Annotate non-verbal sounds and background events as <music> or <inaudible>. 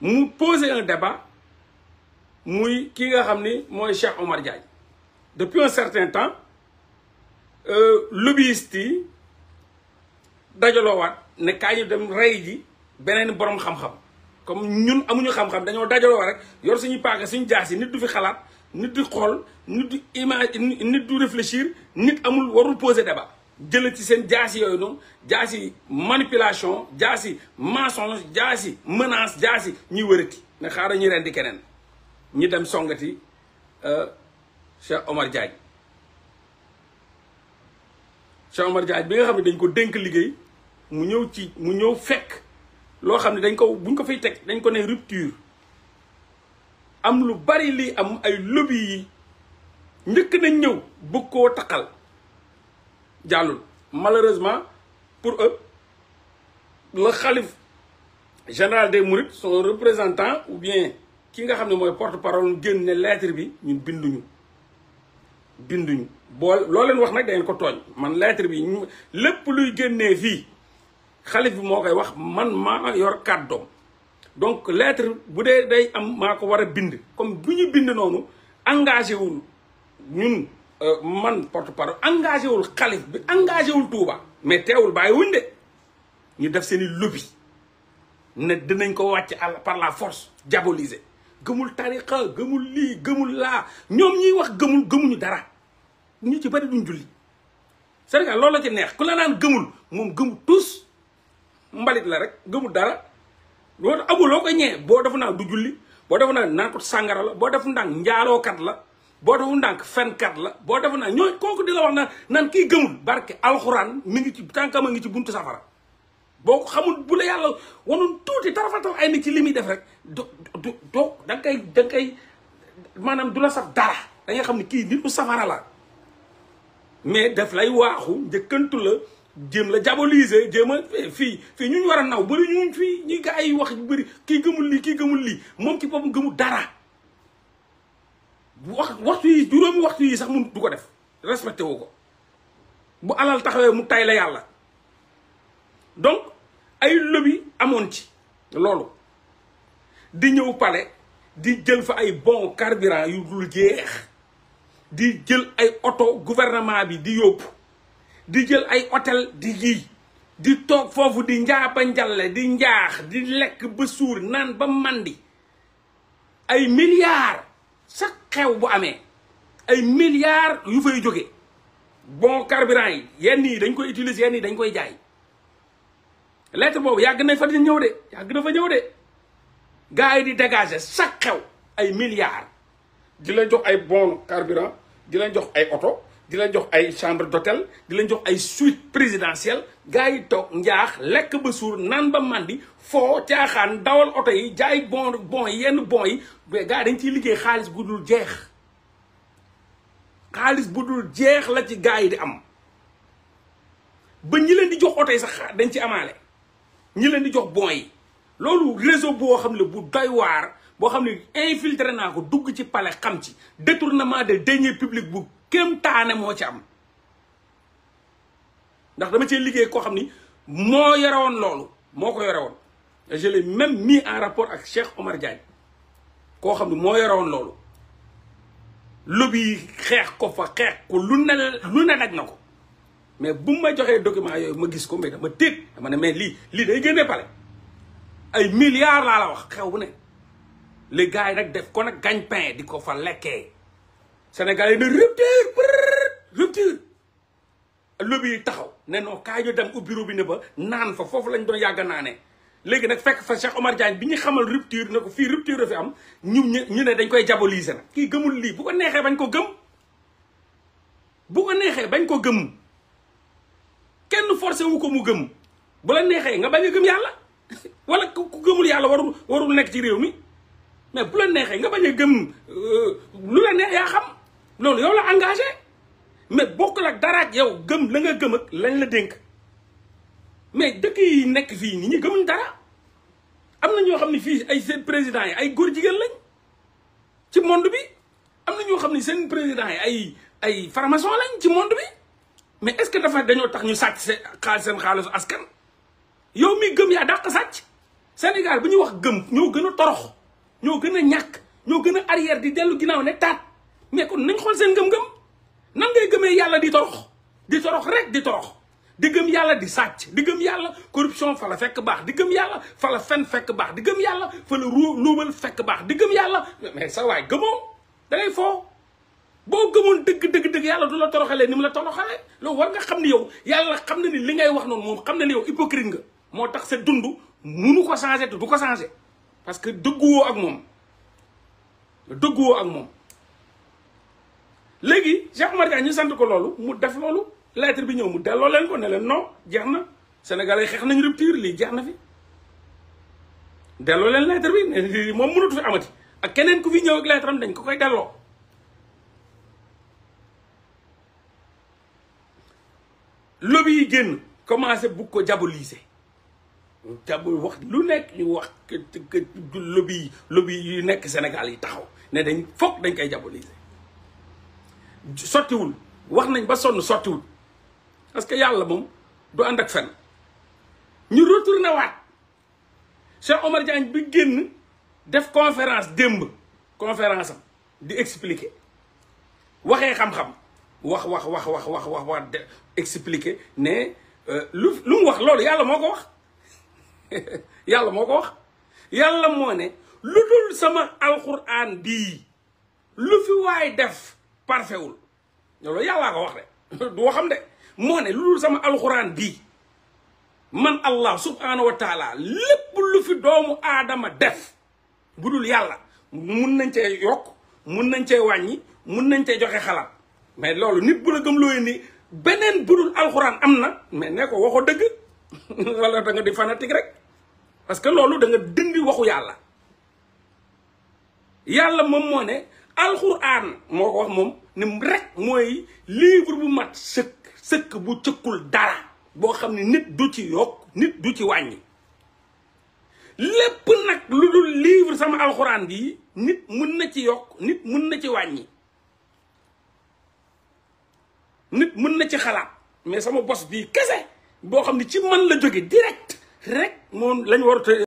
mu poser un débat muy ki nga xam ni mooy Cheikh Omar Diagne depuis un certain temps euh, lobbyiste yi dajaloowaat ne kaa ñi dem rey ji beneen borom xam-xam comme ñun amuñu xam-xam dañoo dajaloowaat rek yor suñu paaka suñu jaas yi nit du fi xalaat nit du xool nit du image nit du réfléchir nit amul warul poser débat jëlee ci seen jaas yooyu noonu jaas manipulation jaas yi mensonge jaas yi menace jaas yi ñuy wërati ne xaaral ñu rendi keneen ñi dem songati. Euh, Cheikh Omar Diagne Cheikh Omar Diagne bi nga xam ne dañ ko dénk liggéey mu ñëw ci mu ñëw fekk loo xam ne dañ ko buñ ko fay teg dañ ko ne rupture am lu bari lii am ay lobby yi njëkk nañ ñëw bëgg koo taqal jàllul malheureusement pour eux le xalif général des Mourides son représentant ou bien ki nga xam ne mooy porte-parole génn ne lettre bi ñun binduñu binduñu boo loo leen wax nag dangeen ko tooñ man lettre bi lépp luy génnee fii xalif bi moo koy wax man ma yor kàddoom donc lettre bu dee day am maa ko war a bind comme bu ñu bind noonu engagé wul ñun euh, man porte parole engagé wul xalif bi engagé wul Touba mais teewul bàyyi wuñ de ñu def seen i lobby ne dinañ ko wàcc par la force diaboliser gëmul tariqa gëmul lii gëmul laa ñoom ñuy wax gëmul gëmuñu dara ñu ci bari duñ julli Sénégal loolu la ci neex ku la naan gëmul moom gëmul tous mbalit la rek gëmul dara loolu amul loo koy ñee boo defu naa du julli boo defu naan naan ko sàngara la boo defu naan la boo defu ndànk fenkat la boo defu naan ñoo kooku di la wax naan naan kii gëmul barke alxuraan mu ngi ci tànkam a ngi ci buntu safara boo ko xamul bu la yàlla wanoon tuuti tarafatal ay ni ci li muy def rek do do doo da nga koy da koy maanaam du la saf dara da xam ne kii nit ku safara la mais def lay waaxu njëkkantu la jéem la diaboliser jéem a eh, fii fii ñu war a naw bëri ñu fii ñu ay wax yu kii gëmul lii kii gëmul lii moom ci boppam gëmul dara wax waxtu yi juróomi waxtu yi sax moom du ko def respecté woo ko bu alal taxawee mu tay la yàlla donc ay lobby amoon ci loolu di ñëw palais di jël fa ay bon carburant yu dul jeex di jël ay oto gouvernement bi di yóbbu di jël ay hôtel di yii di toog foofu di njaa ba njalle di njaax di lekk ba suur naan ba màndi ay milliards chaque xew bu amee ay milliards yu fay jóge bon carburant yi yenn yi dañ koy utiliser yenn yi dañ koy jaay lettre boobu yàgg nañ fa di ñëw de yàgg na fa ñëw de gars yi di dégager chaque xew ay milliards di la jox ay bon carburant di leen jox ay oto di leen jox ay chambre d'hôtel di leen jox ay suite présidentielle gars yi toog njaax lekk ba suur naan ba màndi foo caaxaan dawal oto yi jaay bon bon yenn bon yi mais gars yi dañ ciy liggéey xaalis bu dul jeex xaalis bu dul jeex la ci gars yi di am ba ñi leen di jox oto yi sax dañ ci amaale ñi leen di jox bon yi loolu réseau boo xam ne bu doy waar boo xam ne infiltré naa ko dugg ci palais xam ci détournement des deniers publics bu kéem taane moo ci am ndax dama cee liggéey koo xam ni moo yore woon loolu moo ko yore woon je l'ai en rapport ak Cheikh Omar Diagne koo xam ne moo yore woon loolu lobby xeex ko fa xeex ko lu ne lu ne daj na ko mais bu ma joxee document yooyu ma gis ko mais dama tiit dama ne mais lii lii day génnee pale ay milliards laa la wax xew bu ne les gars yi nag def ko nag gagne-pain di ko fa lekkee Sénégal yi ne rupture rupture lobby yi taxaw ne noo kaa ñu dem ubbi robinet ba naan fa foofu lañ doon yàgg a naanee léegi nag fekk fa Cheikh Omar Diagne bi ñu xamal rupture ne ko fii rupture la fi am ñu ñu ne dañ koy diaboliser nag kii gëmul lii bu ko neexee bañ ko gëm bu ko neexee bañ ko gëm kenn forcé wu ko mu gëm bu la neexee nga bañ gëm yàlla wala ku gëmul yàlla warul warul nekk ci réew mi mais bu la neexee nga bañ a gëm euh, lu la neex yaa xam loolu yow la engagé mais bokkul ak dara ak yow gëm la nga gëm ak lañ la dénk mais dëkk yi nekk fii nit ñi gëmuñ dara am na ñoo xam ne fii ay seen président yi ay góor jigéen lañ ci monde bi am na ñoo xam ne seen présidents yi ay ay farmason lañ ci monde bi mais est-ce que dafa dañoo tax ñu sàcc seen xaalis seen xaalisu askan yow mi gëm yaa dàq sàcc Sénégal bu ñuy wax gëm ñoo gën a torox ñoo gën a ñàkk ñoo gën a arrière di dellu ginnaaw ne taat mais kon nañ xool seen ngëm-ngëm nan ngay gëmee yàlla di torox di torox rek di torox di gëm yàlla di sàcc di gëm yàlla corruption fa la fekk baax di gëm yàlla fa la fen fekk baax di gëm yàlla fa la ruubal fekk baax di gëm yàlla mais sa waay gëmoo da ngay boo gëmoon dëgg dëgg dëgg yàlla du la toroxalee ni mu la toroxalee loolu war nga xam ni yow yàlla xam ne ni li ngay wax noonu moom xam na ne yow hypocrite nga moo tax sa dund munu ko changé te du ko changé parce que dëgguwoo ak moom dëgguwoo ak moom léegi Cheikh Oumar Diagne ñu sant ko loolu mu def loolu lettre bi ñëw mu delloo leen ko ne leen non jeex na Sénégal yi xeex nañ rupture lii jeex na fi delloo leen lettre bi moom mënatu fi amati ak keneen ku fi ñëw ak dañ ko koy delloo lobby yi génn commencé bugg ko diaboliser jabol wax lu nekk ñu wax lobby yi lobby yu nekk Sénégal yi taxaw ne dañ foog dañ koy diaboliser sottiwul wax nañ ba sonn sottiwul parce que yàlla moom du ànd ak fen ñu retourné waat Cheikh Omar Diagne bi génn def conférence démb conférence am di expliquer waxee xam-xam wax wax wax wax wax wax wax de expliquer ne euh, lu mu wax loolu yàlla moo ko wax <laughs> yàlla moo ko wax yàlla moo ne lu dul sama alquran bii lu fi waay def parfewul loolu yàllaa ko wax de <laughs> du waxam de moo ne lu dul sama alquran bii man allah subhanahu wa taala lépp lu fi doomu aadama def bu dul yàlla mun nañ cee yokk mun nañ cee wàññi mun nañ cee joxe xalaat mais loolu nit bu la gëm looy nii beneen budul alxuraan am na mais ne ko waxoo dëgg <laughs> wala da nga di fanatique rek parce que loolu danga nga dindi waxu yàlla yàlla moom moo ne alxuraan moo ko wax moom ni rek mooy livre bu mat sëkk sëkk bu cëkkul dara boo xam ni nit du ci yokk nit du ci wàññi lépp nag lu dul livre sama alxuraan bii nit mun na ci yokk nit mun na ci wàññi nit mën na ci xalaat mais sama bos bii kese boo xam ne ci man la jóge direct rek moom lañ war